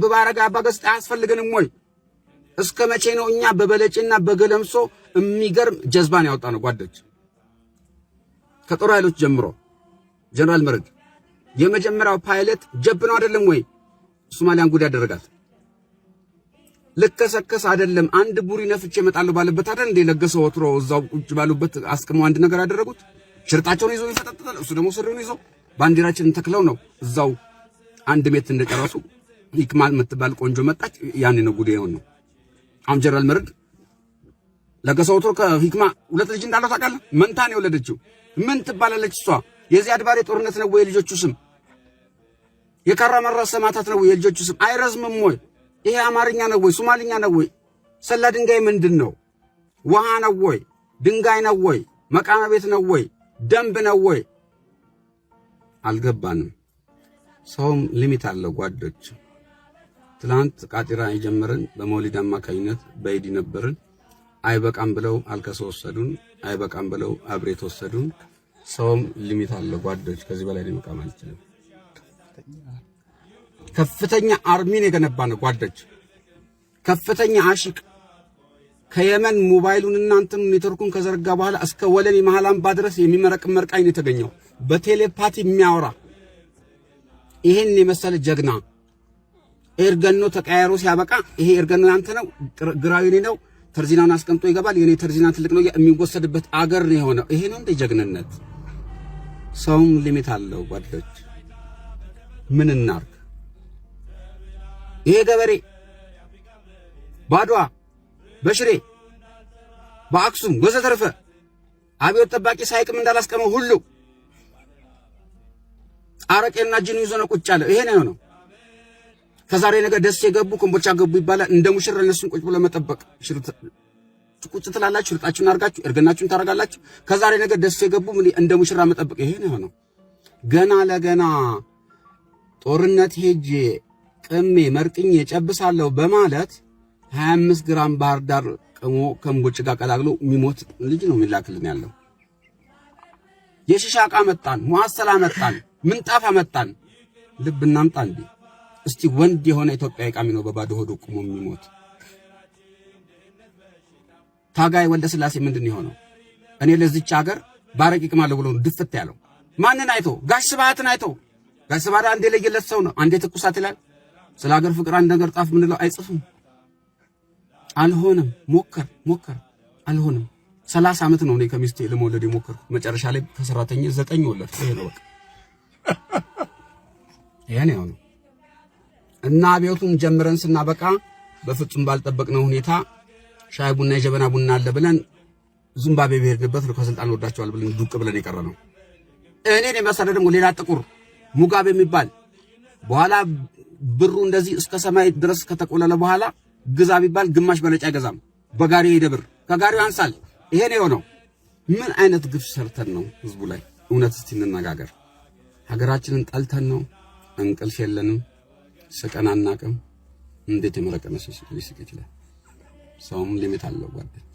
በባረጋ አባገስጥ አያስፈልገንም ወይ? እስከ መቼ ነው እኛ በበለጭና በገለምሶ የሚገርም ጀዝባን ያወጣ ነው? ጓዶች ከጦር ኃይሎች ጀምሮ ጀነራል መርግ የመጀመሪያው ፓይለት ጀብ ነው አይደለም ወይ? ሶማሊያን ጉድ ያደረጋት ልከሰከስ አይደለም። አንድ ቡሪ ነፍቼ እመጣለሁ ባለበት አይደል እንደ ለገሰ ወትሮ እዛው ቁጭ ባሉበት አስቅመው አንድ ነገር ያደረጉት ሽርጣቸውን ይዞ ይፈጠጥጣል። እሱ ደግሞ ስሪውን ይዞ ባንዲራችንን ተክለው ነው እዛው አንድ ሜት እንደጨረሱ ሂክማ የምትባል ቆንጆ መጣች። ያኔ ነው ጉዴ ነው። አሁን ጀነራል መርድ ለገሰ ወትሮ ከሂክማ ሁለት ልጅ እንዳለው ታውቃለህ። መንታ ነው የወለደችው። ምን ትባላለች እሷ? የዚህ አድባሬ ጦርነት ነው ወይ የልጆቹ ስም? የካራ መራ ሰማታት ነው ወይ የልጆቹ ስም? አይረዝምም ወይ? ይሄ አማርኛ ነው ወይ ሶማልኛ ነው ወይ? ሰላ ድንጋይ ምንድን ነው? ውሃ ነው ወይ? ድንጋይ ነው ወይ? መቃመ ቤት ነው ወይ? ደንብ ነው ወይ? አልገባንም። ሰውም ሊሚት አለው ጓዶች ትላንት ቃጢራ የጀመርን በመውሊድ አማካኝነት በኢድ ነበርን። አይበቃም ብለው አልከሰ ወሰዱን። አይበቃም ብለው አብሬት ወሰዱን። ሰውም ሊሚት አለ ጓዶች፣ ከዚህ በላይ ሊመቃም አልችልም። ከፍተኛ አርሚን የገነባ ነው ጓዶች፣ ከፍተኛ አሽቅ ከየመን ሞባይሉን እናንተም ኔትወርኩን ከዘረጋ በኋላ እስከ ወለን የመሃል አምባ ድረስ የሚመረቅ መርቃኝ ነው የተገኘው። በቴሌፓቲ የሚያወራ ይሄን የመሰለ ጀግና ኤርገኖ ተቀያይሮ ሲያበቃ ይሄ ኤርገኖ ያንተ ነው፣ ግራዊ እኔ ነው፣ ተርዚናውን አስቀምጦ ይገባል፣ የኔ ተርዚና ትልቅ ነው የሚወሰድበት አገር ነው የሆነው። ይሄ ነው እንደ ጀግንነት። ሰውም ሊሚት አለው ጓዶች፣ ምን እናርግ? ይሄ ገበሬ ባድዋ፣ በሽሬ፣ በአክሱም ወዘተርፈ አብዮት ጠባቂ ሳይቅም እንዳላስቀመው ሁሉ አረቄና ጅኑ ይዞ ነው ቁጭ ያለው። ይሄ ነው ነው ከዛሬ ነገር ደስ የገቡ ኮምቦልቻ ገቡ ይባላል። እንደ ሙሽራ እነሱን ቁጭ ብሎ መጠበቅ ቁጭ ትላላችሁ፣ ሽርጣችሁን አርጋችሁ እርገናችሁን ታደርጋላችሁ። ከዛሬ ነገር ደስ የገቡ እንደ ሙሽራ መጠበቅ ይሄ ነው የሆነው። ገና ለገና ጦርነት ሄጄ ቅሜ መርቅኝ ጨብሳለሁ በማለት 25 ግራም ባህር ዳር ቅሞ ከምቦጭ ጋር ቀላቅሎ የሚሞት ልጅ ነው የሚላክልን ያለው። የሽሻቃ መጣን፣ ሙአሰላ መጣን፣ ምንጣፍ መጣን። ልብ እናምጣ እንዴ! እስቲ ወንድ የሆነ ኢትዮጵያዊ ቃሚ ነው በባዶ ሆዶ ቁሞ የሚሞት ታጋይ ወልደ ስላሴ ምንድን የሆነው? እኔ ለዚች ሀገር ባረቂ ቅማለሁ ብሎ ድፍት ያለው ማንን አይቶ? ጋሽ ስብሃትን አይቶ። ጋሽ ስብሃት አንዴ ለየለት ሰው ነው፣ አንዴ ትኩሳት ይላል። ስለ ሀገር ፍቅር አንድ ነገር ጣፍ ምንለው አይጽፍም። አልሆንም። ሞከር ሞከር፣ አልሆንም። ሰላሳ ዓመት ነው እኔ ከሚስቴ ለመውለድ የሞከርኩት። መጨረሻ ላይ ከሰራተኛ ዘጠኝ ወለድኩ። ይሄ ነው በቃ። ይሄ ነው እና ቤቱም ጀምረን ስናበቃ በፍጹም ባልጠበቅነው ሁኔታ ሻይ ቡና የጀበና ቡና አለ ብለን ዚምባብዌ በሄድንበት ከስልጣን ወዳቸዋል ብለን ዱቅ ብለን የቀረ ነው። እኔን የመሰለ ደግሞ ሌላ ጥቁር ሙጋብ የሚባል በኋላ ብሩ እንደዚህ እስከ ሰማይ ድረስ ከተቆለለ በኋላ ግዛ ቢባል ግማሽ በለጫ አይገዛም። በጋሪ ሄደ ብር ከጋሪው ያንሳል። ይሄ ነው የሆነው። ምን አይነት ግፍ ሰርተን ነው ህዝቡ ላይ? እውነት እስቲ እንነጋገር። ሀገራችንን ጠልተን ነው? እንቅልፍ የለንም። ስቀን አናቅም። እንዴት የመረቀነ መስሎሽ ሊስቅ ይችላል? ሰውም ሊሚት አለው ጓደኛ